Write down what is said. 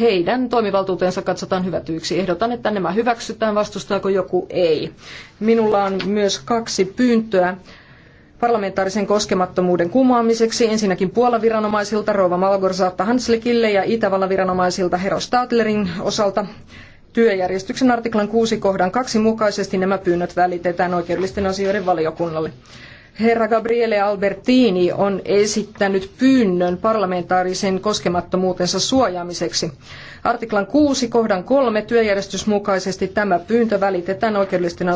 heidän toimivaltuutensa katsotaan hyvätyyksi. Ehdotan, että nämä hyväksytään, vastustaako joku ei. Minulla on myös kaksi pyyntöä parlamentaarisen koskemattomuuden kumoamiseksi ensinnäkin Puolan viranomaisilta Rova Malgorzata Hanslikille ja Itävallan viranomaisilta Hero Stadlerin osalta. Työjärjestyksen artiklan 6 kohdan 2 mukaisesti nämä pyynnöt välitetään oikeudellisten asioiden valiokunnalle. Herra Gabriele Albertini on esittänyt pyynnön parlamentaarisen koskemattomuutensa suojaamiseksi. Artiklan 6 kohdan 3 työjärjestys mukaisesti tämä pyyntö välitetään oikeudellisten asioiden